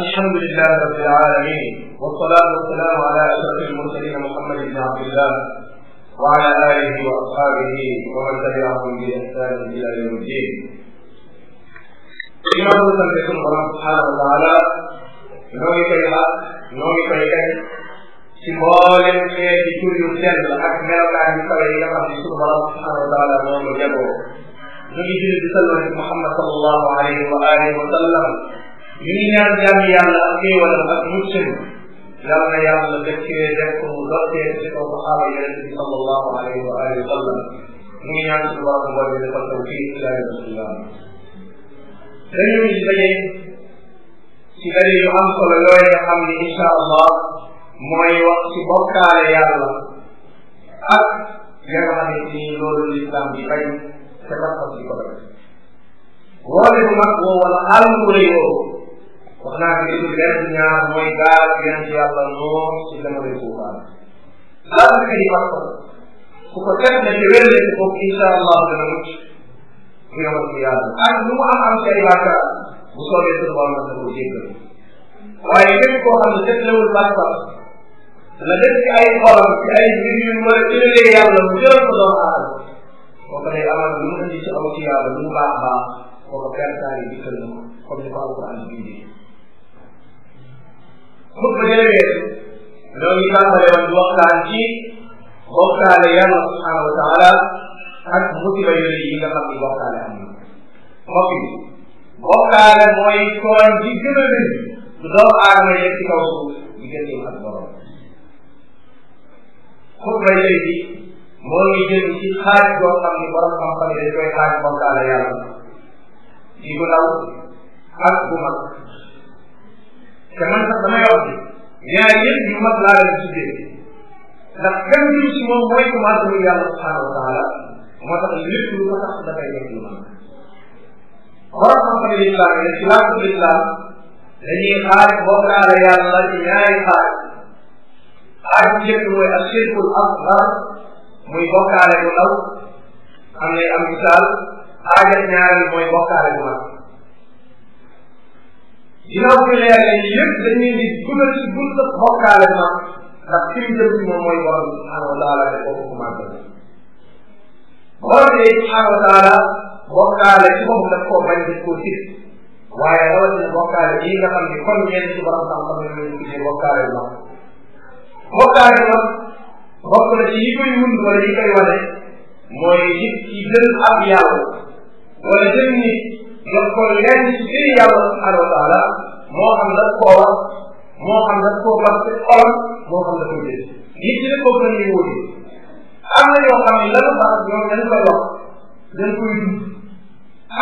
الحمد لله رب العالمين والصلاة والسلام على أشرف المرسلين محمد بن عبد الله وعلى آله وأصحابه ومن تبعهم بإحسان إلى يوم الدين. ginnaaw bu sant sunu borom subhanahu wa taala noo ngi koy xaar noo ngi koy kañ ci mboolem xeeti tur yu sell ak melokaan yu kawe yi nga xam ne sunu borom subhanahu wa taala moom la jagoo ñu ngi julli di sallal ci Muhammad sallallahu alayhi wa alihi wa sallam li ñuy ñaan jàmm yàlla ak xéewalam ak muccam yàlla na yàlla dëkkee def ko mu dottee ci kaw saxaaba yonent bi sallallahu alayhi wa alihi wa sallam ñu ngi ñaan suñu borom boo ñu defal tawfiq ila yawm al-qiyam dañu ci daje ci daje yu am solo yooyu nga xam ni insha allah mooy wax ci bokkaale yàlla ak ya nga xam ni loolu lislaam bi bañ te taxaw ci ko woote bu mag woo wala xaalam bu rëy woo wax naa ko gisul benn ñaar mooy gaal yonent yàlla noor ci jamono suufaan laata ka di wax ku ko def na ci wér ci bopp insha allah dana mucc bu yomal ko yàlla ak lu mu am am ci ay bàkkaar bu soobee suñu borom na ko jéggal waaye képp koo xam ne def newul bàkkaar la def ci ay xolam ci ay mbir yu mën a ëllëgee yàlla mu jëral ko doon aadama kooku day amal lu mu indi ci aw ci yàlla mu baax baax kooku pertaar yi dikkal na ko comme ni ko xutba ya wees ñoo ngi tàmbale woon waxtaan ci bokkaale yàlla subhanahu wa taala ak musiba yooyu yi nga xam ni bokkaale am na mbokk yi bokkaale mooy tooñ bi gën a rëy du doomu aadama yëg ci kaw suuf di gën di ak borom xutba yooyu moo ngi jëm ci xaaj boo xam ni borom xam-xam yi dañ koy xaaj bokkaale yàlla ci bu ndaw ak bu mag te man sax damay wax ni ñaar yëpp yu mag laa leen tuddee ndax gan bi ci moom mooy commencé mu yàlla subhanahu wa taala moo tax lépp lu ko tax dafay nekk lu mag war xam-xam lislaam yi ci laa ko lislaam dañuy xaar bokk ala yàlla ci ñaari xaar xaar bu njëkk mooy ak shirkul akbar muy bokkaale bu ndaw am nay am misaal xaajal ñaareel mooy bokkaale bu mag ginnaaw bu leeree ni yëpp dañuy di dugal ci bunt bokkaale ma ndax fi mu jëm ci moom mooy borom subhanahu wa taala te kooku ko màggal borom bi subhanahu wa taala bokkaale ci moom daf koo bañ daf koo tis waaye rawatina bokkaale yi nga xam ni kon ñeen ci borom xam-xam ne lañ tuddee bokkaale ma bokkaale ma bokk na ci yi koy wund wala yi koy wane mooy nit ki gën ab yàlla wala jëm nit jox ko lenn ci biir yàlla subhanahu wa taala moo xam daf koo wax moo xam daf koo wax ci xolam moo xam daf koo jëf nit ñi dafa gën a wóote am na yoo xam ne lan la tax ñoom dañ koy wax dañ koy dund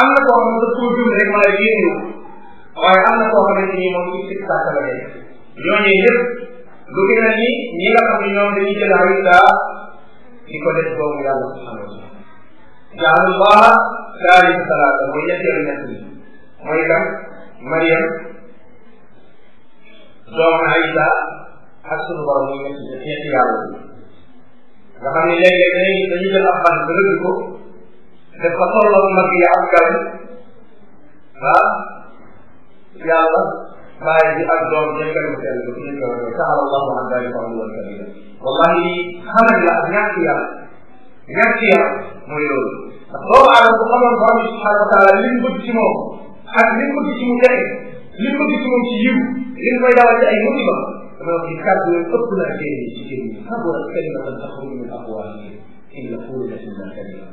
am na koo xam ne daf koo dund rek ma la yéene waaye am na koo xamante ni moom ci sikk sàkk la nekk ñooñu yëpp lu gën a ni ñi nga xam ne ñoom dañuy jël ay daa di ko def doomu yàlla subhanahu wa taala saalisa salaata mooy ñetteelu ñett bi mooy kan Mariam doomu Aïssa ak sunu borom muy ñetti ñetti yàlla bi nga xam ne léeg-léeg dañuy dañu jël ab bant ba rëdd ko def ko tolloo mag yi ak gan ah yàlla bàyyi bi ak doom dañ koy sell ba fi ñu koy waxee taala allahu an dalika uluwan kabira wallahi xamal la ak ñàkk yàlla ñàkk yàlla mooy loolu ndax doomu aadama bu xamoon borom bi subhanahu wa taala li mu bëgg ci moom ak li mu bëgg ci mu jafe li mu bëgg ci moom ci yiw li mu koy dawal ci ay musiba dama wax ni kàddu yooyu ëpp naa téere ci kër yi saburat kalimatan taxruju min aqwalihim in yaquluna illa kalima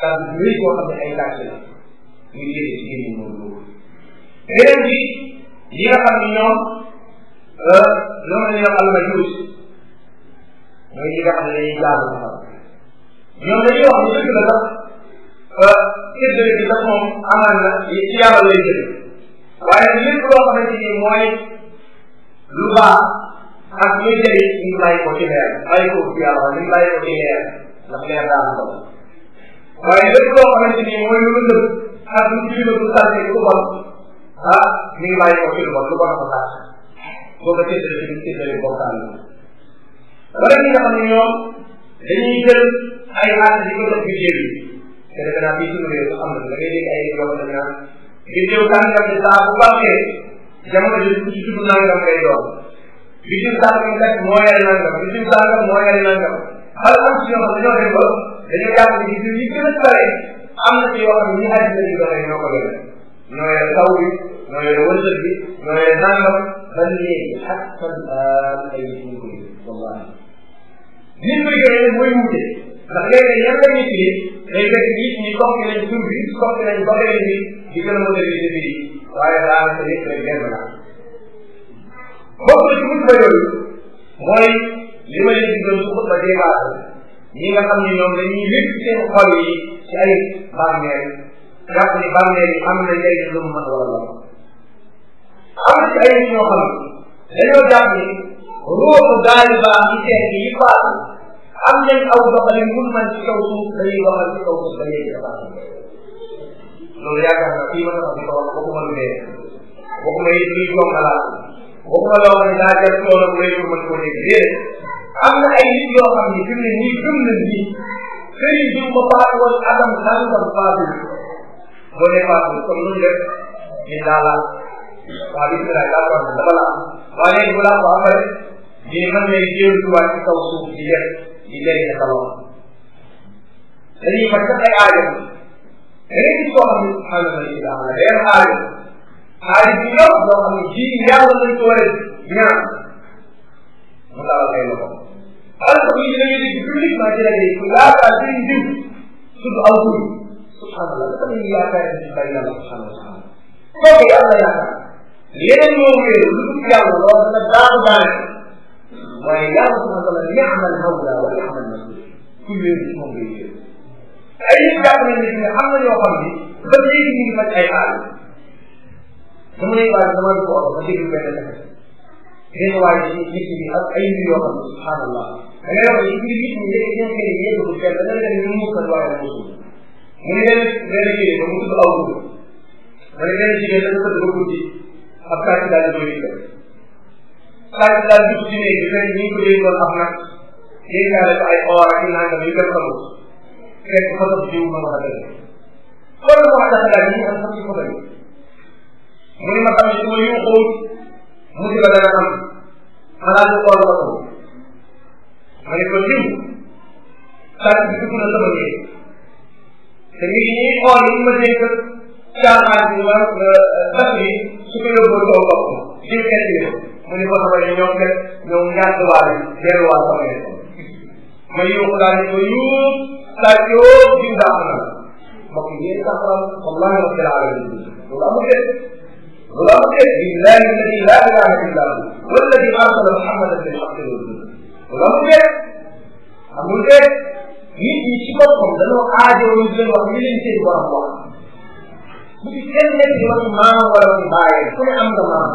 kàddu yooyu koo xam ne ay laaj la muy jëlee ci kër yi moom loolu beneen bi yi nga xam ne ñoom loolu euh, la ñuy wax almajuus mooy yi nga xam ne dañuy jaamu ñoom dañuy wax ne dëgg la sax séddale bi sax moom amaan na li ci yàlla lay jëlee waaye lépp loo xamante ni mooy lu baax ak luy jëriñ ñu bàyyi ko ci leer bàyyi ko ci yàlla ñu bàyyi ko ci leer ndax leer daal ko waaye lépp loo xamante ni mooy lu lëndëm ak lu ci lu sànni lu bon ah ñu ngi bàyyi ko ci lu bon lu bon ko sànni boo ko séddale bi séddale bokkaan la wala ñi nga xam ne ñoom dañuy jël ay ànd di ko def ci jéem te defe naa fii suñu réew am na da ngay dégg ay yoo xam ne naan biddew sàngam bi saa bu bàqee jamono ji ci tudd nangam ngay doon biddew sàngam kat moo yar nangam biddew sàngam moo yar nangam bal am ci yoo xam dañoo dem ba dañoo jàpp ne biddew yi gën a bare am na ci yoo xam ne ñi xaaj lañu doxee ñoo ko doon ñoo yore taw bi ñoo yore wërsëg bi ñoo yore nangam ba léegi xattan ay suñu ko wallahi nit koy gënee mooy wuute ndax léegi yan la ñuy firi day fekk nit ñi soppi nañ tur bi soppi nañ domaine bi di gën a moderniser bi waaye daanaka lépp rek benn la bokk na ci xutba yooyu mooy li ma leen digloon su xutba dee baatu ñi nga xam ne ñoom dañuy lépp seen xol yi ci ay bàmmeel jàpp ni bàmmeel yi am na njëriñ lu mu mën wala la am na ci ay nit ñoo xam ne dañoo jàpp ni ruuxu daal baax yi seet yi faatu am nañ aw doxalin bu man ci kaw suuf dañuy waxal ci kaw suuf dañuy defar loolu yaakaar naa fii ma taxaw ci kawam waxuma lu dee waxuma it luy jokkalaat waxuma loo xam ne daa jar coono bu rëy mën koo dégg déedéet am na ay nit yoo xam ne fi mu ne nii gëm nañ ni sëriñ bi ma faatu woon adam sàngam faatu boo dee faatu comme nu def ñu daalaat waa bisimilah daa ko am dama la am waa léegi bu laa ko amee ñu man lay jéem ci kaw suuf di def di jëriñ sa borom dañuy faj sax ay aajo da ngay gis koo xam ne subhanahu wa taala day am aajo aajo bi yow loo xam ne ji yàlla lañ ko war a ñaan mu daal kay loxo alors que ñu dañuy dégg publiquement ci rajo yi yaakaar seen diw surtout aw tur subhanallah dafa dañuy yaakaar ci bari yàlla subhanahu wa taala kooku yàlla yaakaar leneen moo wéeru lu dul yàlla loolu dana daanu daanaka waaye yàlla subhanahu wa taala ya'mal hawla wa ya'mal masula ku yooyu ci moom lay jël ay nit jàpp nañ ne ne am na ñoo xam ni ba léegi ñu ngi faj ay aal dama lay waaj dama ko wax ba déglu benn def ngeen waaj ci nit ñi ak ay mbir yoo xam ne subhanallah da ngay wax ci biir nit ñi léegi ñoom kenn ñëpp ko kenn dana leen ñu muusal waaye na musul mu ne leen benn kii ba mu tudd aw tudd ma ne benn jigéen dana tëdd ba guddi ab kàcc daal di koy def saa yu daal dugg ci néeg bi fekk ñu ko déggoon am nag yéegaale ko ay or ak yu nangam yu kenn xamul fekk fa sax jiw ma wax a dëgg loolu wax dafa daal ñu am sax ci ko bëri mu ne ma xam ne su ma yuuxoon musiba dana am ma daal di xool ma ko ma ne ko jiw saa bi dugg na sama néeg te ñu ngi ñuy xool yi ma dégg caaxaan bi wala euh, bas bi su ko yóbboo toog bopp jiw kenn mu ni ko sama ne ñoom kat ñoom ngànt waa bi delluwaat sama ne ma yuuxu daal ni ko yuux saa yoo jiw dàq na mbokk yi yéen saxal wallahi rabbil alamin loolu amul de loolu amul de billahi alladi la ilaha illa hu walladi arsala muhammadan bil haqqi loolu amul de amul de nit ñi ci boppam dañoo aajoo ñu leen wax li leen seen borom wax bu ci kenn nekk di wax maam wala baay ku ne am nga maam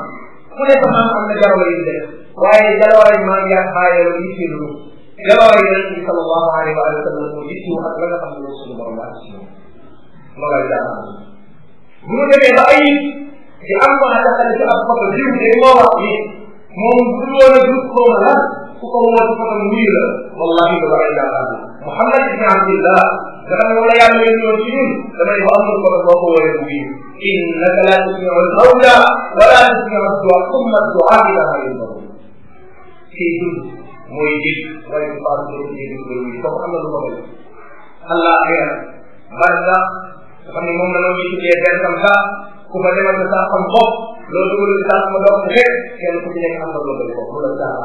ku nekk maam am na jaloore yu def waaye jaloore yi maa ngi ak xaayal yi fi lu jaloore yi nag bi sallallahu alayhi wa sallam moo jiitu ak la nga xam ne suñu borom la ci moom loolay jaaxal bu mu demee ba ay di am maa taxal ci ab photo jiw de moo wax ni moom bu loon a jut moom la ku ko woon photo mu la wallahi da waray jaaxal Muhammad ibn Abdillah nga xam ne wala yàlla yéen ñoom ci ñun damay wax nga ko boo ko wëree bu biir innaka laa tusmiu almawta wala tusmiu addua umma addua ila xarit ba kii dund mooy gis waaye bu baax doo ci yéen ko yi kooku am na lu ko bëgg allah xeer barka nga xam ne moom la ñu tuddee benn comme ça ku ma demal sa saa xam bopp loolu loolu sa sama bopp rek kenn ku ci nekk am na lu ko bëgg mu la saa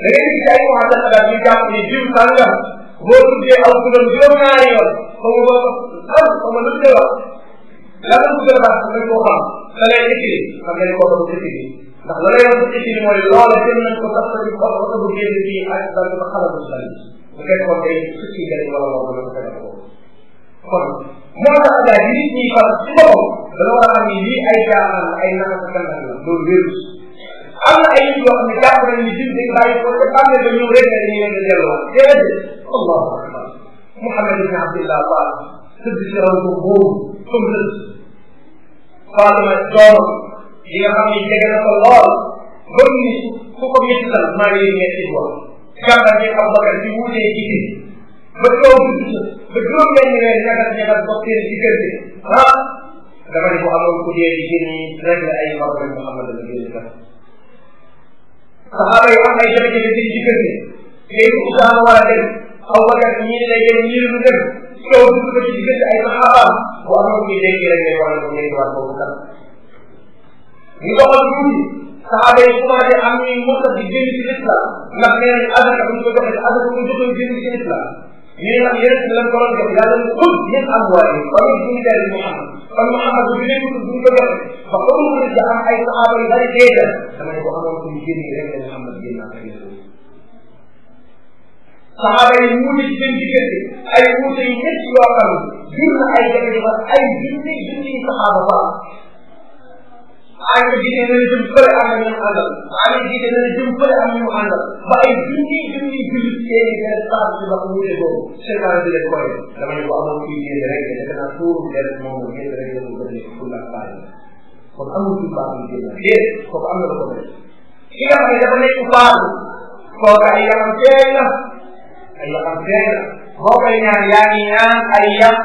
da ngay gis ay waxtaan ak ñu jàpp ne jiw sàngam moo tuddee aw turam juróom-ñaari yoon ba mu doon am ba mu doon jëloon lan la tuddee baax nañ ko xam da lay écrit man lay koo doon écrit ndax la lay doon écrit mooy loola jëm nañ ko sax di xool ba bu génn fii ak daal di ko xalaat bu sali bu fekkoon day sukki njëriñ wala wala wala ko def ko kon moo tax daal nit ñi fal ci boppam dana war a xam ni lii ay jaaxaan ay naan ak kanam la loolu wérus am na ay yoo xam ne jàpp nañu ne jiw dañu bàyyi ko te xam ne ba ñëw rek dañu leen a delloo déedéet allahu akbar Muhammad ibn Abdillah Fall tëdd si ron ko boobu comme tëdd Fall ma doom yi nga xam ne jege na ko lool bëm ni ku ko méttal maa ngi leen metti woon jàmbar ñi am bakkan ci wuutee jigéen ba toog bi ba juróom benn weer ñagat ñagat ba seen diggante ah dama ne ko amoon ku dee di génn rek la ay Muhammad la génn saxaaba yi am ay jafe-jafe ci diggante ngay Usaama war a dem Abubakar ñii ne leen ñii lu dem yow dugg ko ci diggante ay saxaabaam bu amoon ñu léegi rek ngay war a ngay war boobu kan ñu doxal tuuti saxaaba yi commencé am ñuy musa di génn ci lislaam ndax nee nañ asaka bu ñu ko joxee asaka bu ñu joxee génn ci lislaam ñu ne nag yéen lañ ko doon jox yàlla mu xul yéen am waa yi kon ñu ñu daal Muhammad kon Muhammad bu ñu ko joxee ba ko mu ngi am ay saxaaba yu bari dee def dama ne ko amoon suñu génn rek dana xam ne génn naa ak yéen saxaaba yi wuute ci seen diggante ay wuute yu métti yoo xam jur na ay jafe-jafe ay junni junni saxaaba ba ànd jiite na la jëm fële am na ñu àndal ànd jiite na la jëm fële am na ñu àndal ba ay junni junni jullit seen i benn sax ci ba wuute boobu seen ànd bi leen koy dama ne ko amoon suñu génn rek dana naa tuur benn moom génn rek dama kon amul ci baax yu génn déet kooku am na lu ko mel ki nga xam ne dafa nekk baax kooku ay yaram teey la ay yaram teey la boo koy ñaan yaa ngi ñaan ay yam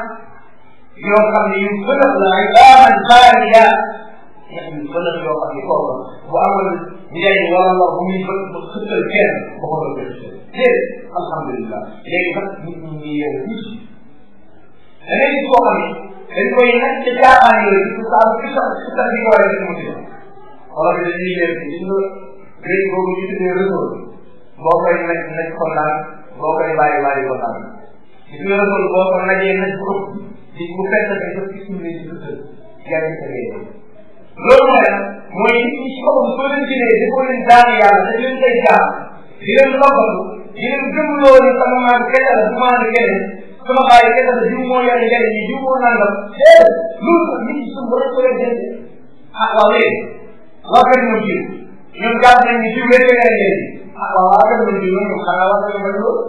yoo xam ne yu fënal la ay baaxal baaxal ya ñax yu fënal yoo xam ne kooku bu amal njëriñ wala lor bu muy fënal bu xëttal kenn ba ko doon jël déet alhamdulilah léegi nag nit ñi ñuy yeewu tuuti da ngay gis koo xam ne dañ koy nag ca caaxaan yooyu di ko saa bu sax si sax di ko waree si mu tudd wala bi dañuy yéen si gis nga gré boobu ñu tuddee réseau boo koy nag nag kontaan boo koy bàyyi bàyyi kontaan gis nga réseau boo ko najee nag ko di bu fekk ne ko gis ñu ne ci sa tëdd yaa ngi sa réew loolu mooy nag mooy nit ñi ci boppam soo leen jëlee di ko leen daanu yàlla dañ leen koy jaar di leen toppatu di leen gëmloo ni sama maam kese la sama maam kese sama baay yi nga jiw moo yore njëriñ yi jiw moo nangam déedéet loolu nag nit ñi suñu war a ko leen jënd ah waaw léegi waa kër moom jiw ñoom jàpp nañ ni jiw rek nga leen ah waaw waa kër moom jiw ñoom xanaa waa kër moom loolu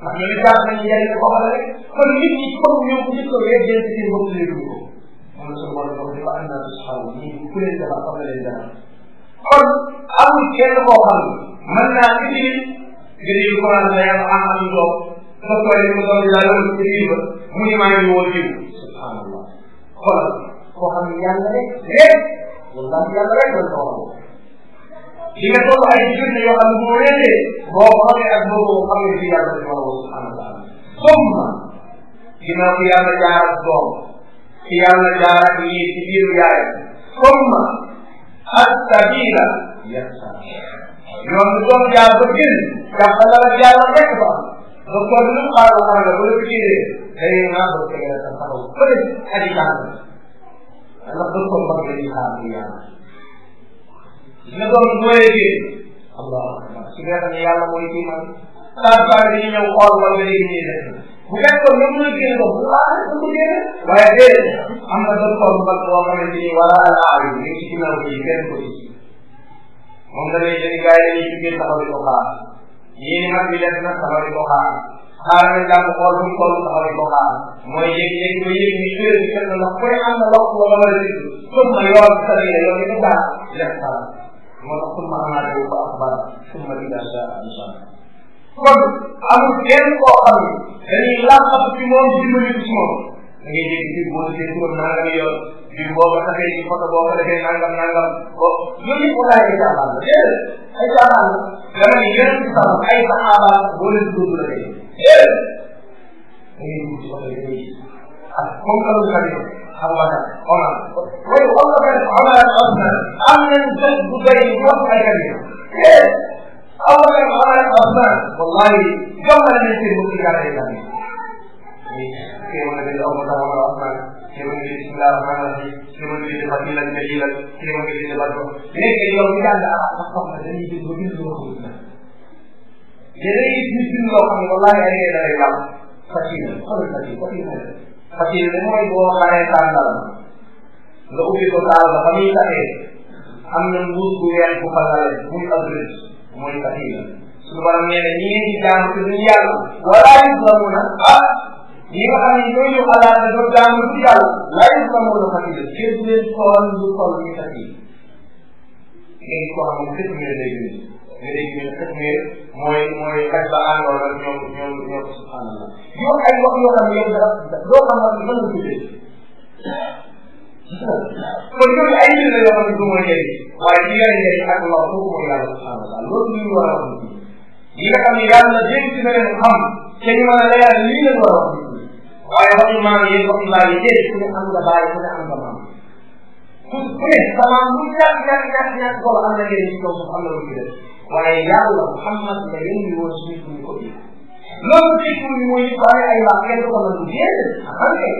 ndax ñoom jàpp nañ njëriñ ko xamal rek kon nit ñi comme ñoom ku ko leen jënd seen bopp lay dugg ko moom suñu war a ko dafa am naa su xaw ñi ku leen dama xam na leen dara kon amul kenn koo xam mën naa utili gën yu ko naan la yàlla am am doom dina tooy mu doon yàlla mu ci riba mu ni maa ngi woo jiw subhanallah xoolal koo xam ne yàlla rek rek wallaahi yàlla rek la ko wax li nga toll ay jur yoo xam ne bu wéetee boo xoolee ak boo xam ne fi yàlla di wax subhanallah summa ginnaaw fi yàlla jaar ak doom fi yàlla jaar ak ñii ci biir yaay summa ak sabila yasa yoon bi doon jaar ba gën jàppalal yàlla rek ba doktorunun ağırlarına bunu fikirdi. Dayına doktoruna tasavvuf. Böyle hadikandı. Allah doktor bakmayı kaldı yani. Ne zaman dua edeyim? Allah Allah. Sigara ne yalla mı edeyim abi? Tanpa edeyim ya ukal var vereyim diye dedim. Bukan kau memang kira tu, Allah itu dia. Wajib. Amma doktor bakwa kami di wala al-alim. Ini kita nak berikan posisi. Mungkin ini gaya ini kita tahu itu kan. yéen i mag bi def na safara di ko xaar xaar nañ jàpp xool fu mu toll safara di ko xaar mooy yéeg-yéeg ba yéeg ñu jëlee ñu fekk na ku ne am na lox ba mën a dégg comme ma yor sa bi yow li mu baax def xaar moo tax summa amaana yow ko akbar summa di daal daal am solo kon amul kenn koo xam ne dañuy laqatu ci moom dimbali ci moom da ngay dégg ci boo dégg ko nangami yoon lii boo ko defee lii photo boo ko defee nangam nangam boo oh, yooyu yëpp walaay ay caaxaan la déedéet ay caaxaan la dama ne yeneen sax ay saxaaba boo leen dund la dee déedéet da ngay dugg ci oto yi da ngay gis ak comme que lu tamit xam nga nag on a loolu on a fait on a on a am nañ bés bu bëri ñu wax ay kadi déedéet on a fait on a on a wallahi jommal nañ seen mbokk yi daal ay kadi. teewul nga gis nga maanaam si teewul nga gis dafa diilal nga diilal teewul nga gis dafa doon mais que yow ñu jàng arab sax soxna dañuy jël ba bind lu ma xamul na léeg-léeg it ñu bind loo xam ne wallaahi ay ay dalay yàlla fatina xoolal fatina fatina fatina ne mooy boo xaaree taal dara nga ubbi ko taal la ba muy taxee am na mbuus bu weex bu fa lale muy adresse mooy fatina su borom nee na ñi ngeen di jàng te duñu yàlla wala yuslamuna ah ñi nga xam ne ñooñu xalaat ne doo jaamu ci yàlla laay ko xamoo la xati de kenn du leen xool lu xool ñu xat yi ngeen ko xam ne xët meer lay bind nga dégg ñu xët meer mooy mooy xaj ba àndoon ak ñoom ñoom ñoom subhanallah yow ay wax yoo xam ne yow dara doo xam ne mën nga tuddee kon yooyu ay mbir la yoo xam ne du mooy njëriñ waaye li ngay njëriñ ak wax kooku mooy yàlla subhanallah loolu ñu war a wax ñi nga xam ne yàlla jéem ci na leen xam te ñu mën a leeral lii leen war a wax waaye waxu maam yi waxu maam yi déedéet ku ne am nga baay ku ne am nga maam ku ku ne sa maam lu ñàkk ñàkk ñàkk ñàkk solo am na njëriñ ci kaw suuf am na lu ci def waaye yàlla Muhammad la yónni woon suñu suñu ko bii loolu ci suñu mooy ñu bare ay wax kenn ko nangu déedéet xam nga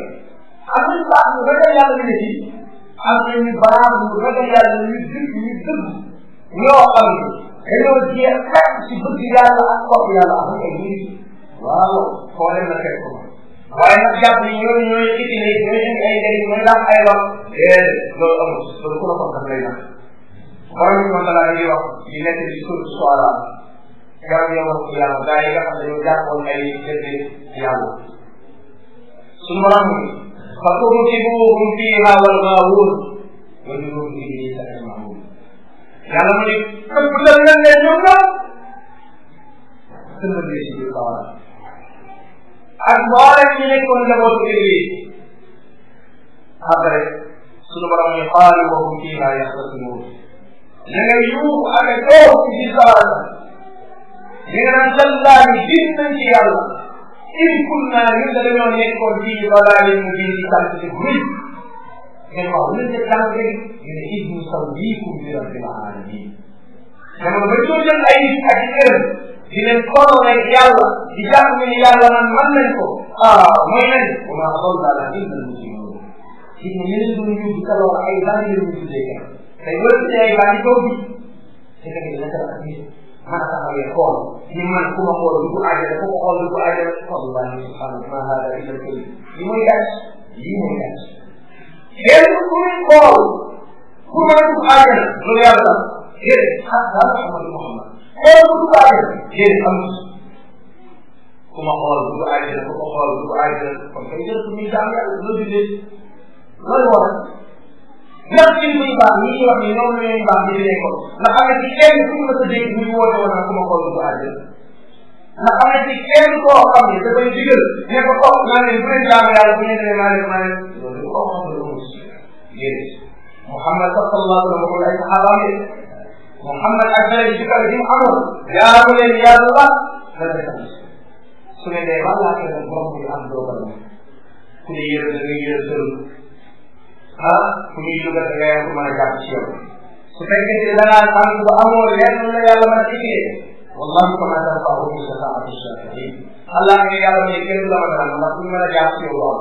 am nañu baax lu ragal yàlla bi ne ci am nañu baax lu ragal yàlla ñu dëgg ñu dëgg ñoo xam ne dañoo jeex xeet ci bëgg yàlla ak topp yàlla am na ay waaw xoolee na fekk ko waaye nag jàpp ni ñooñu ñooy utilisé ñooy indi ay njëriñ mooy ndax ay wax déedéet loolu amul loolu ku la ko xam lay nag borom bi moom dalaa ngi wax di nekk ci suuf soala garab yoo wax yàlla gaa yi nga xam dañoo jàppoon ay jëndi yàlla suñu borom bi fa tuutibuhum fiiha wal ghaawuun wajuruhum bi dinihi mahmuud yàlla mu ne ëpp lan leen ñoom la tëmbal si biir sawara ak mboolem ñi nekkoon njabootu Iblis après sunu borom ñu xaalu wa hum fiha yaxtasimuun na nga yuuxu amee toog ci biir sawara na nga naan sallaayi gis nañ ci yàlla in kunna ñun da dañoo nekkoon fii balaalin mu bii ci tànk ci ruy ngeen wax lu ne tànk ñu ne id nusawwiikum bi rabbil alamin jamono ba ñu jël ay ak di leen xoolalay yàlla di jàpp ni yàlla man man nañ ko ah mooy nañ ko maa xool daal ak yéen a ngi ciy ñëw ci ñu ñeneen ñu ñu di kaloo ay lan yu ñu tuddee kenn tey loolu ci ay lan yu bi ci ka ni naka la ni man taxaw ya xool ni man ku ma xool du ko aajale ku ko xool du ko aajale xool ba ni subhanahu wa ta'ala ila kulli li muy gàcc li muy gàcc kenn ku muy xool ku ma du aajale loolu yàlla déedéet xaar xaar Muhammad xool bu dugg àjjana déedéet amul ku ma xool dugg àjjana ku ma xool dugg àjjana kon kay jël su muy jaam yàlla lu bindee loolu waral ndax ci muy baax ñi ñuy wax ni ñoom la ñuy baax di leen ko ndax am na ci kenn ku ma sa dégg muy woote woon naa ku ma xool dugg àjjana ndax am na ci kenn koo xam ne dafay digal ne ko ko naa leen bu leen jaam yàlla bu ñu nee naa leen maa leen loolu ko xam ne amul déedéet Muhammad sallallahu alayhi wa sallam ay saxaabaam Muhammad ak beneen jikkale bi mu amoon jaamu leen yàlla dana tam su ne dee man laa keneen borom bi am doogal ma ku ne yërëm da ngay yërëm ah ku ñuy dugal da ngay ko mën a jàpp ci yow su fekkee ne da ngaa am ba amoo lenn la yàlla ma diggee wallahu kama tanfa'u bi shafa'ati shafi'in Allah nga yàlla ne kenn la ma dara ndax ñu mën a jàpp ci yow lool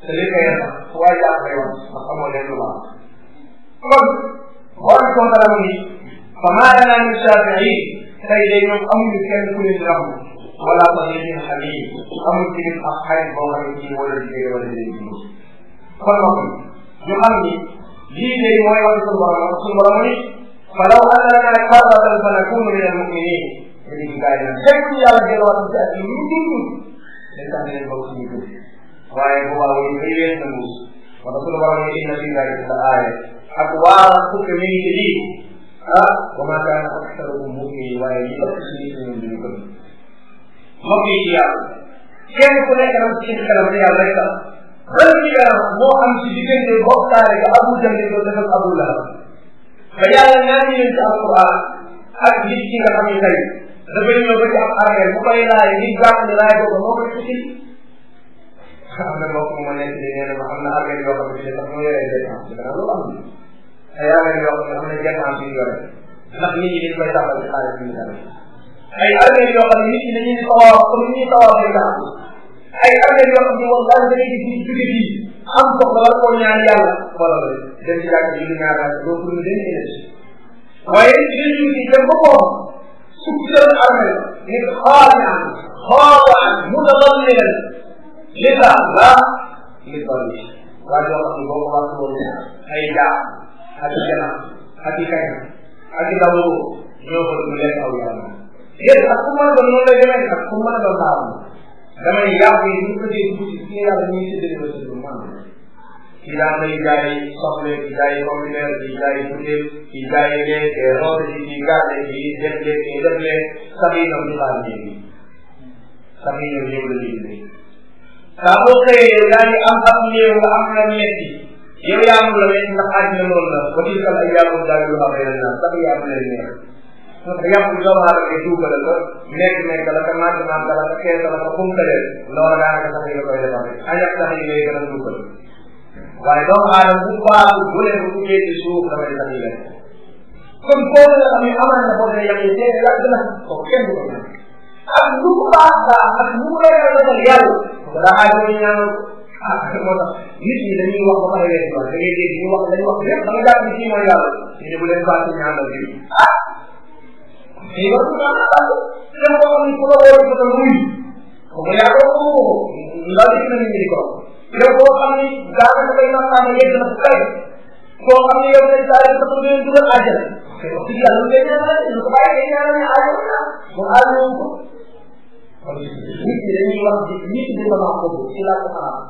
te li koy yàlla waaye jàpp na yoon ndax amoo lenn lu baax kon xool ko dara nii fama lana min shafiin tey day ñoom amuñu kenn ku leen nangu wala sadiqin xamim amul ci nit ak xarit boo xam ne kii wala di jege wala di kon mbokk ñu xam ni lii day mooy wax suñu borom suñu borom ni falaw annana karratan fanakunu min almuminin dañuy gaay na fekk yàlla delluwaat ci ak ñu dindi dañ tax leen bokk ñu gëm waaye bu waaw ñu koy wees na muus wala suñu borom ni inna fi dhalika la aaya ak waaral fukk mi ngi ci lii ah wa maa kaana aktaruhum mu'miniin waaye li ëpp si nit ñoom duñu gëm mbokk yi ci yàlla kenn ku nekk nag ci xelam ne yàlla rek tax ban différence moo am ci diggante bokkaale ga Abu Jahl ko defal Abu Lahab ba yàlla ñaan leen ci alquran ak nit ki nga xam ne tey dafay ñëw ba ci ab armeel bu koy laaj nit jàpp ne laaj boobu moo koy tuuti xam na mbokk mu ma nekk nee na ma am na armeel yoo xam ne sax moo yore dépense dana lu am ay affaires yoo xam ne dafa am suñu yore ndax nit ñi dañ koy taxawal ci xaalis bi ñu dara ay affaires yoo xam ne nit ñi dañuy tawaaf comme ni ñuy tawaaf ay taxaw ay affaires yoo xam ne moom daal da ngay gis ñu jóge fii am soxla war koo ñaan yàlla wala wala dem ci jàkk ji ñaanal doo ko ñu dem énergie waaye jeunes yu ci dem ba moom sukkital armel nit xool naan xoolaan mu la lal ne leen li la la li bari waa joo xam ne boo ko waxee woon ay jaar ak i janax ak i kañ ak i ndaw ñoo ko ñu lekk aw yaram yéen ak ku mën a doon noonu lay demee ak ku mën a doon laaw damay yàgg yi ñu ko dee tuuti ci yàlla ñu ngi si dëgg ba si du man ki daan lay jaay soble ki jaay computer ki jaay butéel ki jaay lee ke roose ji ki gaale ki defle ki defle sabi nam di laal ñëw sabi nam ñëw la ñëw saa boo xëyee yaa ngi am ab néew am na metti yow yaa am la leen ndax àddina noonu la ba tilkal ayyaamu daawiluhaa bayna naas sax yaa am leen neex yàpp doomu aadama yi duubale ko nekk nekk la ka màgg màgg la ka xees la ka kumkaleel loola daanaka sax nga koy defal ajab sax yi ngay gën a duubal waaye doomu aadama bu baaxul bu ne bu ubbee ci suuf dafay sax yi lekk kon kooku nga xam ne amal na foofu yàq yi teel yàgg na ko kenn du ko ñaan ak lu ko baax baax ak lu ko yàlla defal yàlla ko daa aadama yi ñaanal ko ah moo tax nit ñi dañuy wax ba pare weesu da ngay dégg ñu wax dañuy wax lépp da nga jàpp ni kii mooy yàlla ñu ne bu leen baatu ñaanal bi ah mais yow dafa naan dafa ko xam ne ku la woo ko tam muy ko ko yaa ko ko ko ndaw ci nañu ñu ko yow koo xam ne daanaka day naan naan yegg na fu kay koo xam ne yow day saa dafa leen dugal àjjana mais wax dëgg yàlla lu koy ñaanal lu ko bàyyi day ñaanal ne àjjana na mu àjjana ko nit ñi dañuy wax nit ñi dañu wax ko ci laa ko xanaa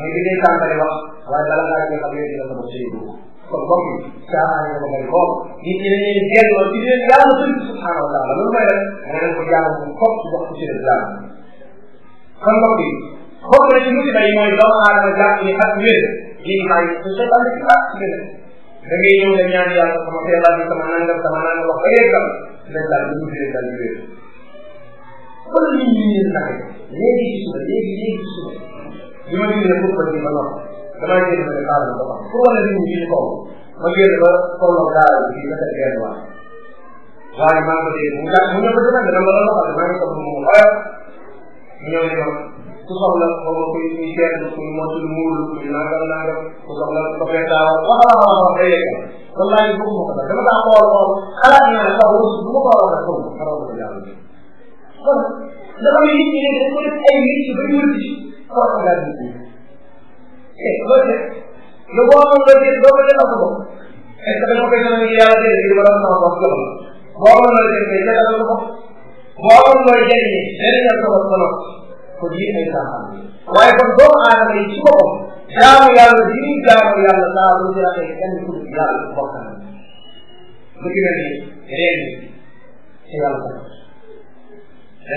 mooy li ngay tàmbali wax waaye bala ngaa ñëw xam yooyu dina ko mos a yóbbu kon mbokk yi caaxaan yi ko bëri kooku nit ñi dañuy delloo ci leen yàlla sëñ bi subhanahu wa taala loolu mooy rek nga leen ko yàlla bu kopp wax ko ci leen daal kon mbokk yi bokk na ci musiba yi mooy doomu aadama jàpp ni ak wér yi ngi bàyyi su seetaan ci baax ci wér da ngay ñëw nga ñaan yàlla sama feebar bi sama nangam sama nangam wax ba yeggal dinañ daal di dugg leen daal di wér kon nit ñi ñu ngi saxee léegi ci suba léegi léegi ci suba bi ma génnee pour ba ba noppi damay génn ma ne xaaral ma ba pour wane nit ñi ci kaw ma génn ba tolloo daara bi fii ba tey genn waa waaye maa ngi ko dégg mu gàtt mu ñëw ba ci nag dama la loo xam ne maa ngi soxla mu xoyal mu ñëw ne ma ku soxla xaw ma kuy kuy seet kuy motul muul kuy nangam nangam ku soxla ko fee daawa wax wax wax wax day yegg wallahi bëgg ma ko nag dama daa xool xool xalaat naa ne sax wut bu ma ko waxee xaw ma xaw ma ko jàll kon dafa mel nit ñi ne dañ ko def ay nit ci ba ñu wër ci soxla ngaa dugg jiw eh loo jël lu ko waxoon loo jël loo ko jël ak bopp est ce que dama koy ñaan yàlla jël li wala sama bopp la ko boo waxoon loo jël kay jëlal ko bopp boo waxoon loo jël ni leneen la sama solo ko ji ay saaxaan waaye kon doomu aadama yi ci boppam jaamu yàlla ji ñu jaamu yàlla saa lu jëlaat ay kenn ku dul yàlla bokk na lu ci mel ni réew mi ci yàlla da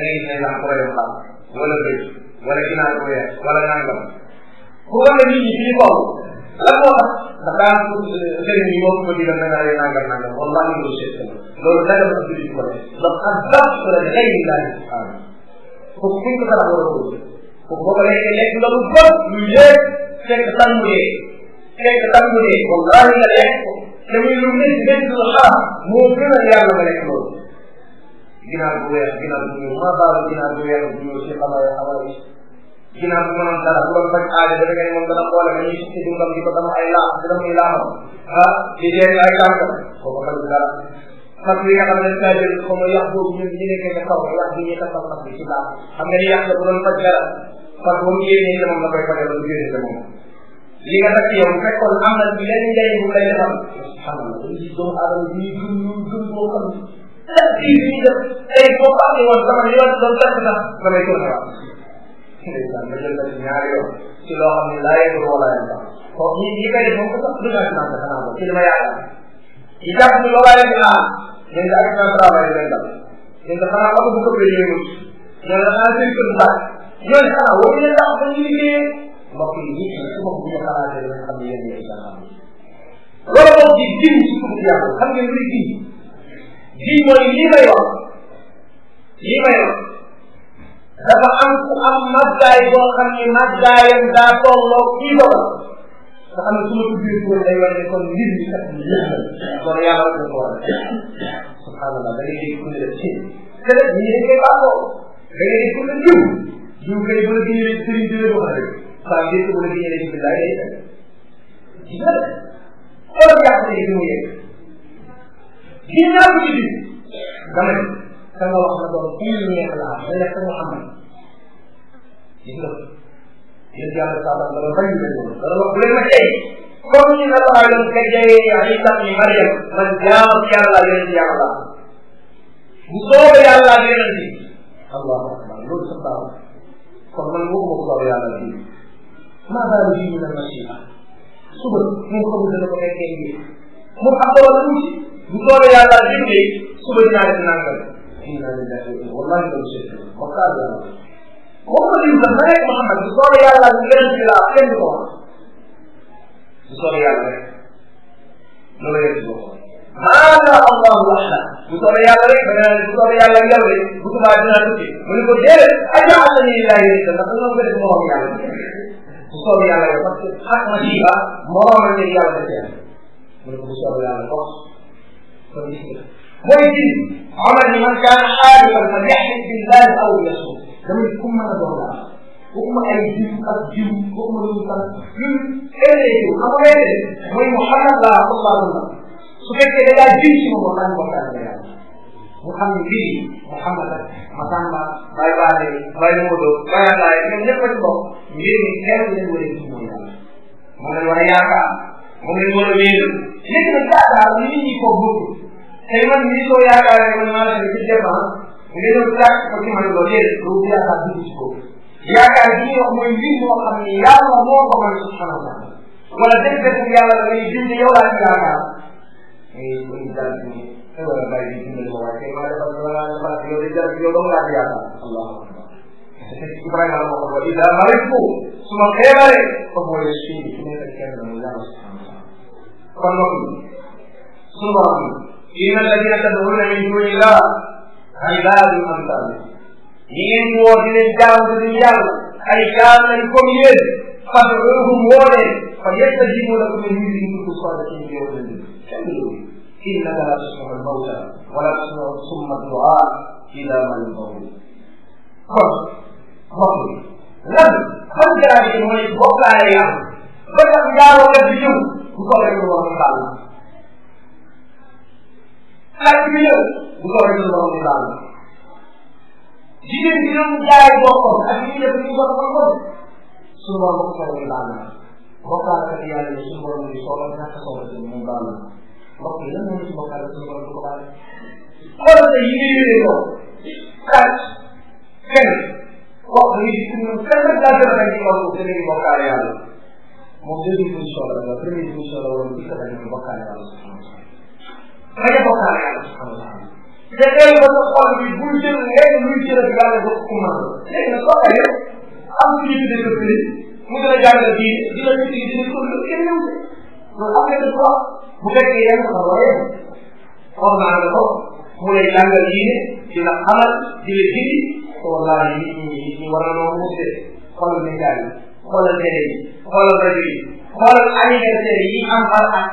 ngay ne la ko wala bëri wala ginnaaw bu weex wala nangam ku war a nit ñi fii kaw lan moo tax ndax daa am eh, sëriñ yi ñoo ko digal na ngay nangam nangam wallahi loolu seet la loolu dara la julli ko def ndax ak baax ko la lay ni daal subhaan ko fuñ ko dara war a wóor ko boo ko lekkee lekk la lu bon lu yéeg fekk tan mu dee fekk tan mu dee wallahi nga lekk ko te muy lu nekk nekk lu xaar moo gën a yàlla nga lekk loolu ginaar bu weex ginaar bu ñuul maa baalu ginaar bu weex bu ñuul si xabaar xabaar yi ginaar bu mënoon dara bu doon faj aajo dafa ngeen moom dana xoole dañuy si dundam di ko dama ay laax di dama ay laaxam ah di jeeri ay tànkam kooku xam dara fas yi nga xam ne saa jël ko ma yàq boobu ñun ñu nekkee ca kaw yàq bi ñuy taxaw fas bi ci laax xam nga ni yàq bu doon faj dara fas ba mu yéenee ca moom la koy fajal lu yéenee ca moom li nga def yow fekkoon am na lenn njëriñ bu lay defal subhanallah dañu gis doomu aadama ñuy dund dund boo xam tey jii bi ñu def tey boo ko amee woon sama yoon doon fekk sax damay ko xalaat. ndeysaan ma jël benn ñaari yoon ci loo xam ne laay ko wala leen sax kon ñi ñi koy def moom ko sax du ma ci naan xanaa moom ci li ma yaakaar. yi jàpp ni loo leen di naan ñun de ak ñoom travail leen dal ñun de xanaa oto bu ko bëjee mu ñun de xanaa seen kër baax ñooñu xanaa wóor leen daal fa ñu liggéeyee mbokk yi ñi ci moom bu ñu xalaatee dañ xam ne yéen yéen dana am loolu moom ci diin ci suuf yàlla xam ngeen luy diin lii mooy lii may wax lii may wax dafa am ku am màggaay boo xam ne màggaayam daa tolloo kii ba nga xam ne su ma tuddee turam day wane ne kon mbir mi kat li yëpp la kon yàlla ko ko war subhanallah da ngay dégg ku ne la ci te nag ñi dañ koy baaxoo da ngay dégg ku ne jiw jiw kay bu la génnee sëriñ bi la ko xam saa ngeen ko bu la génnee ci billaay day gis nga kon yàq na mu yegg lii naa ko ci biir dama ni sama wax na doon fii neex laa ne la sama amal gis nga yéen yàlla saabam dama bañ la ñu dana wax bu leen ma tey eh, comme ni la laa yoon tegee Isa ni Mariam man jaam yàlla yonent yàlla bu soobee yàlla yonent bi allahu akbar loolu sa baaw kon man moo ko soobee yàlla bi maa daal di ñu ne ma suba mu xamul dana ko fekkee mu xam dara tuuti bu soobee yàlla liggéey suba dinaa def nangam inna lillahi wallahi loolu si waxtaan la moom la ñu sax rek Mouhamad bu soobee yàlla yeneen bi laa kenn du ko wax bu soobee yàlla rek loolu yëpp du ko maanaam allahu ahad bu soobee yàlla rek ba naa bu soobee yàlla ngelaw rek bu subaa dinaa tukki mu ne ko déedéet ay jaaxal nañu ilahi rek ndax dañoo ko def morom yàlla bu soobee yàlla rek parce que xaar ma jiba morom la yàlla da cee mu ne ko bu soobee yàlla wax loolu gis nga mooy ci amal ni man kaana xaaliban falyaxlif billahi aw liyasmut dama ku mën a doon laa waxuma ay jiw ak jiw waxuma lu mu sant ñun léeg-léeg jiw xam nga léeg-léeg mooy Muhammad laa sallallahu alayhi wa sallam su fekkee da ngaa jiw si moom wax naa waxtaan ak yàlla mu xam ne bii Muhammad la Masamba Baye Baale Baye Modo Baye Alaay ñoom ñëpp a ci bokk mbir mi kenn leen war a jiw mooy yàlla moom lañ war a yaakaar moom lañ war a wéeru léegi nag saa saa nit ñi ko bëgg tey man mii soo yaakaaree man maa ngi ci dépense nga ñëw sàkk ko ci man loolu yëpp loolu yaakaar bi ci ko yaakaar bi ñuy wax mooy mbir moo xam ne yàlla moo ko mën subhanahu wa taala wala def def yàlla da ngay bind yow laa ci yaakaar ngay muy jàll ci tey wala bàyyi di dimbali ma waaye tey maa defal maa defal yow day jàll ci yow dong laa ci yaakaar allah Ibrahima la ko wax ila maritu su ma xeebare ko boole si su nekk kenn la muy yàlla subhanahu wa taala kon mbokk yi suñu borom inna alladina tad'una min duni illah ibaadun amsaalukum ñi ngeen di woo di leen jaamu di leen yàlla ay jaam lañ comme yéen fad'uuhum woo leen fa yastajibu lakum min in kuntum saadiqiin yow leen kenn du innaka laa tasma'u al-mawta wa laa tasma'u summa ad-du'aa ilaa man yad'uun kon mbokk yi lan ban jarabi mooy bokkaale yàlla ba tax jaaroo kat di ñëw bu ko rek wax xaalis fekk bi ñëw bu ko rek loolu mu daal jigéen bi ñëw jaay boppam ak li def li wax ak kon su loolu mu xew ñu daal bokkaal kat yàlla yi su borom bi solo ñàkk solo ci mu daal mbokk yi lan mooy ci bokkaal su borom du ko baale xoolal sa yi ngay yëgee ko kat kenn wax yi di ci ñun kenn rek daal dana ci loolu te léegi bokkaal yàlla moom deuxième position la la première position la woon bi ko dañu bokkaal yàlla subhanahu wa taala bañ a bokkaale yàlla subhanahu wa taala te léegi ba sa xool bi bul jël lenn luy jëlee bi yàlla jox ko mën léegi nag soo xëyee am lu ñu tuddee dëkk bi mu gën a jàngal diine dina ñu tuddee dina ko lu kenn ñëw loolu am nga def ko bu fekkee yéen xam nga yéen xool naa la ko mu lay jàngal diine di la xamal di la gindi wallaahi nit ñi ñi war na noo musse xoolal média yi xoolal télé yi xoolal rajo yi xoolal anniversaire yi am par at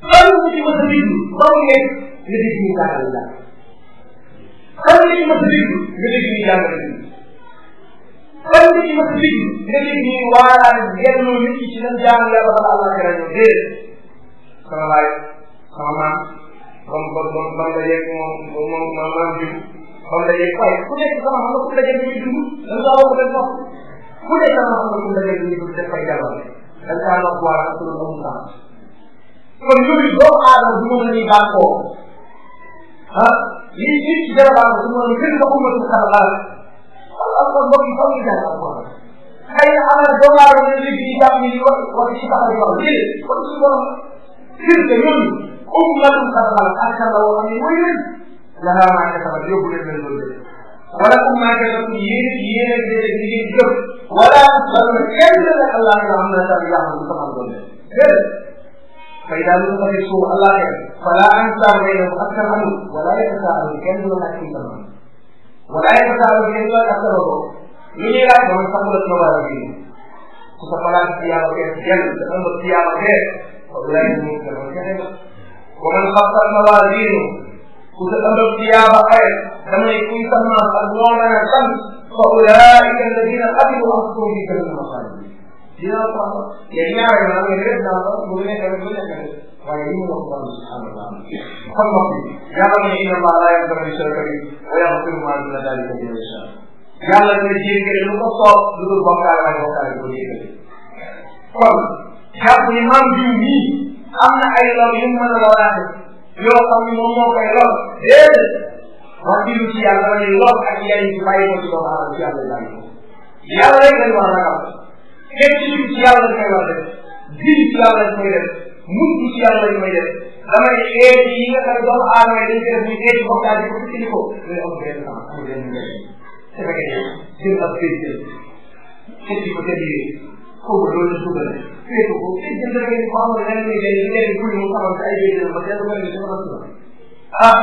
fan nga ci mos a dégg ba mu nekk nga dégg ñu jàngal la fan nga ci mos a dégg nga dégg ñu jàngal la fan nga ci mos a dégg nga dégg ñu waaraan yenn nit ci nan jàngal la ba Allah dara ñu déet sama baay sama maam bam bam bam bam la yegg moom moom maam maam jiw bam la yegg waaye ku nekk sama xam nga ku daje ñu dund da nga wax da nga ku nekk sama xam nga ku daje ñu dund dafay jàngal da nga wax waa ak lu mu kon yooyu doomu aadama du moom la ñuy bànkoo ah lii nit ci dara bànk su ma la gën a umma su xarala la kon am kon mbokk yi foog ñu jàng am kon xëy na am na doomu aadama ñu léegi di jàpp ni wax wax ci taxaw yoon lii kon su borom sir que yooyu umma su xarala la ak xarala woo xam ne mooy leen yàlla maa ngi sabal yóbbu leen leen loolu wala umma nga def yéen yéen ak yéen ñu ngi jëf wala ba kenn la Allah nga xam ne daal yàlla du sama doon déedéet فإذا نفخ في الصور الله يعلم فلا أنساب بينهم أكثر منه ولا يتساءل كيف ولا كيف ولا يتساءل كيف ولا أكثر منه ini lah yang sangat keluar ini. Kesalahan tiada kesian, dengan tiada kes, Allah ini kerana ومن خفت موازينه وتتمر ثيابه لما يكون سمى أدوانا الشمس فأولئك الذين قبلوا أخذوا في كل المخالفين ஜீவாத்மாவும் எல்லா இருந்தாலும் முழுமையை கடற்கொள்ள yàlla rek lañ war a ragal fekk ci ci yàlla lañ koy war a def biir ci yàlla lañ koy def mucc ci yàlla lañ koy def damay xeet yi nga xam ne doomu aadama yi dañ koy def muy xeeti bokkaat yi ko fëkkili ko loolu amul benn sens amul benn njëriñ su fekkee jël ak fee jël fekk ko tëddee kooku loolu la suba la fekk ko fekk jël dafa ngeen ko amul lenn muy benn ñu nekk pour mu xamal ci ay béy jël ba kenn ko nekk sama suba ah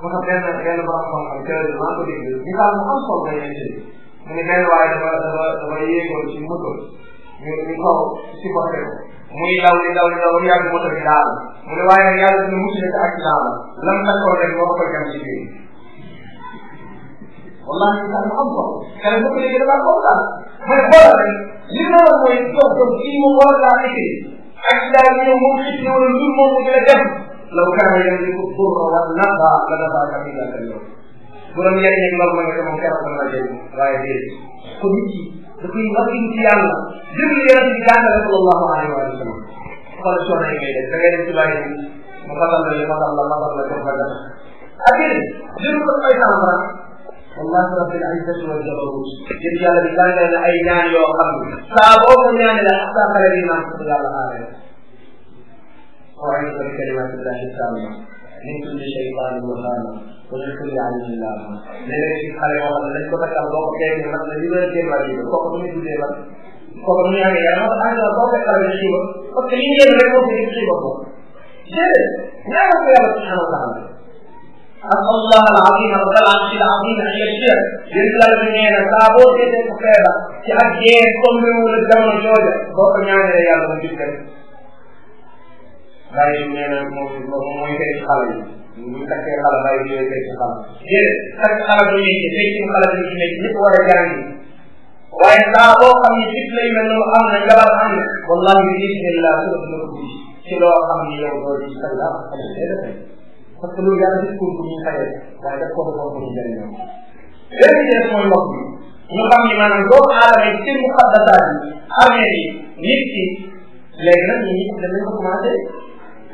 mu tax benn benn borom xam-xam teel maa ko dégg misaal mu am solo lay jël mu ne benn waaye dafa dafa dafa yéegoon ci moto ñu ñu kaw si ko xew muy daw di daw di daw ba mu yàgg moto bi daal mu ne waaye nag yàlla dina mucc ci accident la lam takkoon rek moo ko jam ci biir wallahi sax mu am ko kenn bu ko léegi dafa ko daal mooy xoolal rek li na la mooy dox dox kii moom war laa liggéey accident bi ñëw moom xit ne wala lul moom mu gën a dem law kaana yamliku durra wala nafa la nafa kamila yoon bu doon njëriñ ak loolu mooy que moom keroog mën naa jëriñ waaye déedéet ko nit yi dafay wakkilu ci yàlla jëm li yonente bi jàngale sallallahu alayhi wa sallam xoolal coono yi ngay def da ngay dem ci bàyyi bi mu fasal la li fasal la fasal la jox la dara ak ah, yéen jëm ko ay sàmbara wallahi rabbil izzati wal jabarut jëm yàlla bi jàngale na ay ñaan yoo xam ne saa boo ko ñaane la ak saa xale bi naan yàlla aaree. waaye ñu ko kalimaati billahi taala min kulli shaytanin wa hamma wa min kulli ainin lamma léeg-léeg ci xale yoo xam ne dañ ko takkal boo ko fekkee man la li doon jéem a jiw kooku nu muy dundee man kooku nu muy amee yaram ah non boo ko xale ci ba parce que li ngeen rek moo fi ci ba ko déedéet ñaara ko yàlla subhanahu wa taala ak allah al azim ak al arshi al azim ak yashir yéen la ñu nee na saa boo seetee ku feebar ci ak yéen comme ni mu la jamono jooja boo ko ñaanee yàlla mu jublu bàyyi nee na moom boobu mooy fekk xala yi ñu takkee xala bàyyi yooyu fekk xala déedéet takk xala du nekk fekkim xala du ci nekk ñëpp war a jàngi waaye saa boo xam ne fit lay mel noonu am na jabar am na wallahi bi bismillah su la dina ko ci loo xam ne yow doo ci sa la xam ne day dafay parce que loolu yàlla discours bu ñuy xayee waaye daf ko ko ko ñu jëriñoo benn des mooy wax bi ñu xam ne maanaam doomu aadama yi seen muqaddataat yi xamee yi nit ki léegi nag ñi dañ ko commencé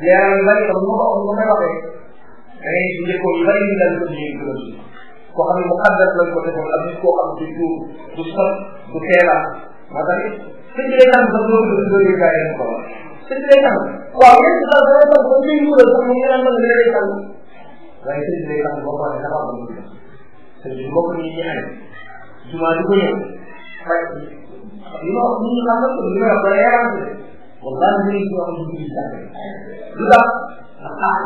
leeral yu bëri comme ko nu ma waxee da ngay jëfandikoo yu bëri yu dal ko ñuy gërëm koo xam ne mu xàggat lañ ko defoon ak nit koo xam du tuur du sol du teela moo tax it sëñ bi day tànn sax loolu la loolu yu gaay ko wax sëñ bi day tànn waaw yéen si xel dana tànn comme day yuural sax mu ngi naan mën nga day tànn waaye sëñ bi day tànn boo xoolee dafa am lu sëñ bi mbokk ñi ñu añ jumaa di ko ñëw li ma wax ñu ñu xam ko li ma wax ba yaram wallahi ñu ngi wax ñu ngi jàpp lu tax ndax ah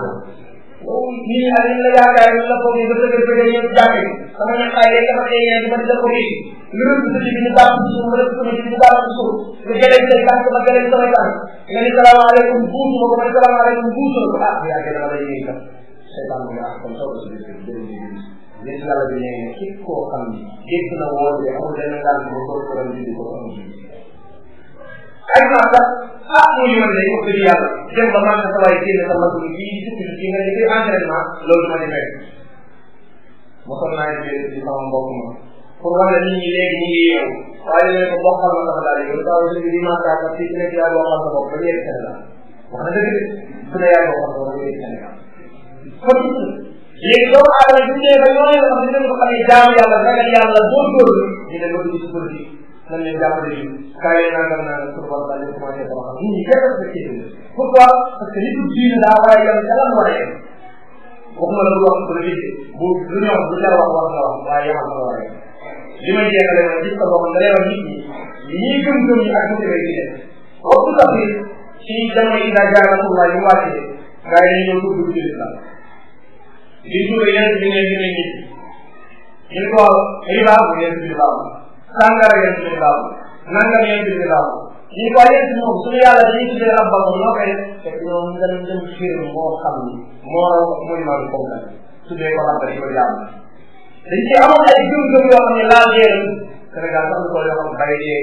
nii ak li la yaakaar ñu la foog ñu dafa dëgër dëgër yëpp jàpp sama ñaxaay rek dafa tey yéen dama dina ko nii lu rëbb sa ci ñu baax ci suuf rëbb sama ci ñu baax ci suuf nga gëleen say tànk ma gëleen sama tànk nga ni salaamaaleykum buusu ma ko ma ni salaamaaleykum buusu ma ko ah yaa gën a la yéen itam seytaan mu ne ah kon soog si dëgg dëgg dëgg yàlla bi nee na képp koo xam ni dégg na woote amul benn tànk ba ko ko di ko amul ay na sax ah mu yoon lay wax dëgg yàlla dem ba man sa waay génne sa mag bi bii sukk ci nga ne entraînement loolu ma di fekk mosoon naa di benn ci sama mbokk ma pour wax la nit ñi léegi ñu ngi yeewu waaye ne ko bokkal ma sama daal yow saa yu di maa kaa ci nekk yaa bokkal sa bopp ba ñeenti sene la wax na dëgg su ne yaa bokkal sa bopp ba ñeenti sene la kon léegi doomu aadama bi ñu ba ñooñu la xam ne dinañ ko xam ne jaamu yàlla ragal yàlla boo góorlu dina ko dugg ci politique nan lañ jàppale ni kaay yi nangam nangam suñu borom daal di commencé dama xam nit ñi kenn respecté leen pourquoi parce que li ñu diine daa war a yem ca lan war a yem waxuma la lu wax bu la dégg bu lu ñëw lu jar wax wax nga wax waaye yemal nga war a yem li may jeexale mooy gis ko boppam da lay wax nit ñi ñi gëm gëm yi ak motivé yi def waxtu sax ni ci jamono yi daa jaar pour waay yu wàccee gaa yi ñëw dugg dugg ci l'islam li ñu tuddee yeneen bi ne bi ne nit ñi ñu ko riba bu yeneen bi baaxul sàngara yent bi laaw nangam yent bi laaw ñi ko yent moom suñu yàlla dañuy tuddee rabbam noo koy fekk ñoom dañ dañ firm moo xam ni moo raw muy man comme la tuddee ko rabba di ko jàmm dañ ci amoon ay gëm-gëm yoo xam ne laal yéen Sénégal sax ko yoo xam bay yee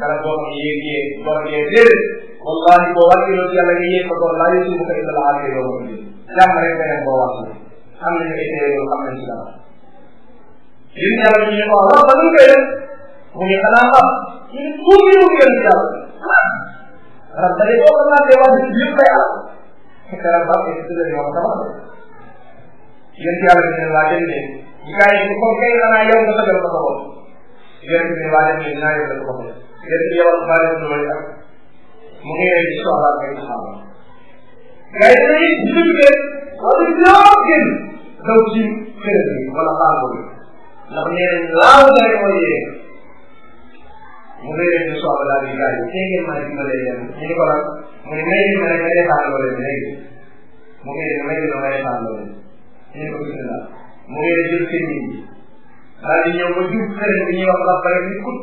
kala boo xam yéeg yee bor yee déedéet wallahi boo wàccee ci yàlla nga yéeg ko doon laa yëngu ko illa laa yëngu ko jàmm rek nga dem boo wàccee am nañu ay tey yoo xam nañ ci dara yéen yàlla ñu ne ko wax ba ñu koy def mu ngi xanaa xam ñu ngi mu ngi yóbbu yoon yàlla ah da ngay bokk naa teewaat bi yëpp a yàlla te la baax nga gis ne wax dama yoon yàlla bi ne laa dem de ñi kaay yi ko kay na naa yow nga sa gërëm sa bopp yoon bi ne laa dem de naa yow nga sa bopp yoon bi yow maa dem loolu ak mu ngi lay gis soxlaa ngay gis xam ngay dañuy jubbe wala ñoo gën daw ci xëy wala xaar boobu ndax nee nañ laaw nga rek mooy yéen mu ngi leen di soxla daal di gaañ teegeel ma ci ma lay dem ñu ngi ko la mu ngi may ma rek ma defaan loolu léegi mu ngi leen may ma ma defaan loolu ñu ko gis la mu ngi leen jël seen nit daal di ñëw ba jub sëriñ bi ñuy wax la rek di kut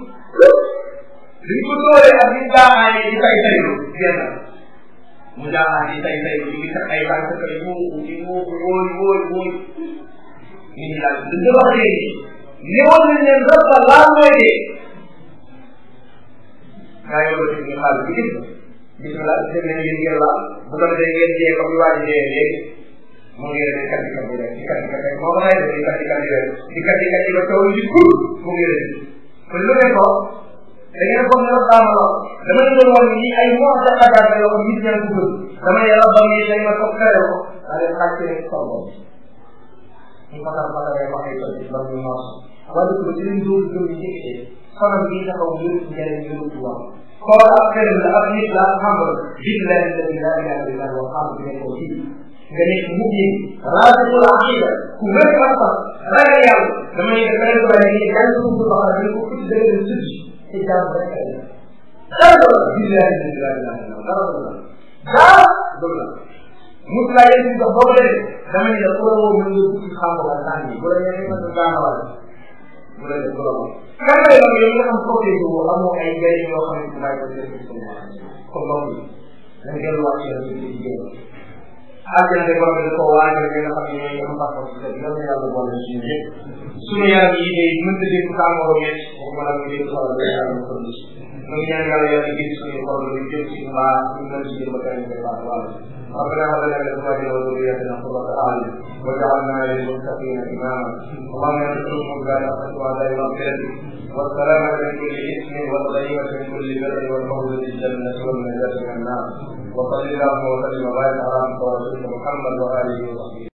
li ko doole ak li jaaxaane di tay taylu génn mu jaaxaan di tay taylu ñu ngi sax ay bànk kay yuuxu di yuuxu wóoy wóoy wóoy nit ñi daal li wax léegi néewal nañ leen rab la laa mooy dee daa yor ba ci xaalis bi gis bisimilah def nañ ngeen ngeen laal bu ko defee ngeen jiyee comme yu waa ji jiyee léegi mu ngi leen di kàddi kàddi rek di kàddi kàddi moo ko laaj di kàddi kàddi rek di kàddi kàddi ba taw bi kur mu ngi leen kon lu ne ko da ngeen foog ne la baax la dama la doon wax ni ay mois de xabaar yoo xam nit ñaa ko gëm dama yàlla ba ngi day ma toog xale ko daa leen xaaj seen solo ñu fatal fatal ay wax ay toj ba ñu noos waaye ko ci leen dóor gëm ñu njëkkee konoon bii dafa wér njëriñ yëngu ci waaw xool ak kër la ak nit la xam nga biir la la bi la yaa bi la wax xam nga ko ci nga nekk mu ngi raajatul aqida ku wér ak sax ragal yàlla dama ne dama ne dama ne yàlla ko ko wax dañ ko ci dëgg la sud ci jàmm rek ay dara biir la bi la yaa bi la dara dara dara dara musa yéen ko bokkale dama ne da ko woo mu ngi ci xam nga tànni bu la yéen ko daanawale bu la def bu la wut. xarala yi nga xam projet yi boo amoo ay njëriñ yoo xam ne ci laaj la seen kon loolu da nga delluwaat ci la ñu ci jëm. àjjante ko nga ko waajal nga xam ne ñooy am bàqam ci kër yàlla yàlla boole ci ñëpp. suñu yaram yi day mënta dégg tàngooru métti moom ma nag dégg solo la yàlla ko gis. ñoo ngi ñaan yàlla yàlla gis suñu xol lu jëm ci mbaa ñu mën ci jëm ba kañ ko baax wàll ربنا هب لنا من ازواجنا وذريتنا قرة اعين واجعلنا للمتقين اماما اللهم انصر المؤمنين وتقوى دار مغفرتك والسلامة من كل اثم والغيبة من كل بر والفوز بالجنة والنجاة من النار وصل اللهم وسلم وبارك على عبدك ورسولك محمد واله وصحبه